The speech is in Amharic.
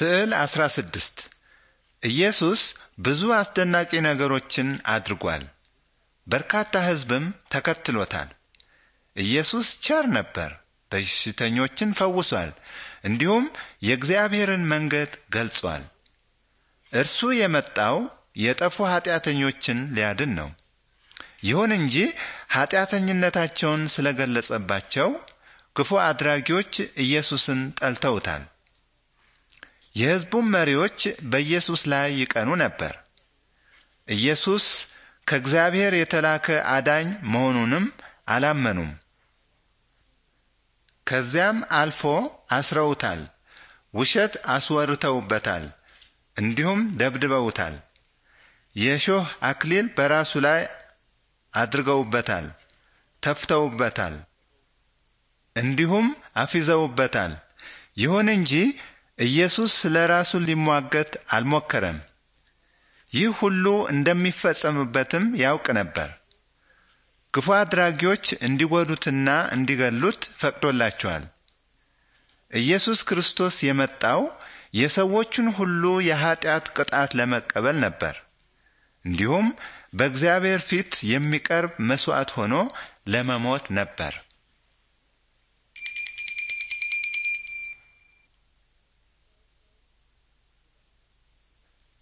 ስዕል 16 ኢየሱስ ብዙ አስደናቂ ነገሮችን አድርጓል። በርካታ ሕዝብም ተከትሎታል። ኢየሱስ ቸር ነበር፣ በሽተኞችን ፈውሷል፣ እንዲሁም የእግዚአብሔርን መንገድ ገልጿል። እርሱ የመጣው የጠፉ ኀጢአተኞችን ሊያድን ነው። ይሁን እንጂ ስለ ስለገለጸባቸው ክፉ አድራጊዎች ኢየሱስን ጠልተውታል። የሕዝቡም መሪዎች በኢየሱስ ላይ ይቀኑ ነበር። ኢየሱስ ከእግዚአብሔር የተላከ አዳኝ መሆኑንም አላመኑም። ከዚያም አልፎ አስረውታል፣ ውሸት አስወርተውበታል፣ እንዲሁም ደብድበውታል። የሾህ አክሊል በራሱ ላይ አድርገውበታል፣ ተፍተውበታል፣ እንዲሁም አፊዘውበታል። ይሁን እንጂ ኢየሱስ ስለ ራሱ ሊሟገት አልሞከረም። ይህ ሁሉ እንደሚፈጸምበትም ያውቅ ነበር። ክፉ አድራጊዎች እንዲጎዱትና እንዲገሉት ፈቅዶላቸዋል። ኢየሱስ ክርስቶስ የመጣው የሰዎችን ሁሉ የኀጢአት ቅጣት ለመቀበል ነበር። እንዲሁም በእግዚአብሔር ፊት የሚቀርብ መሥዋዕት ሆኖ ለመሞት ነበር።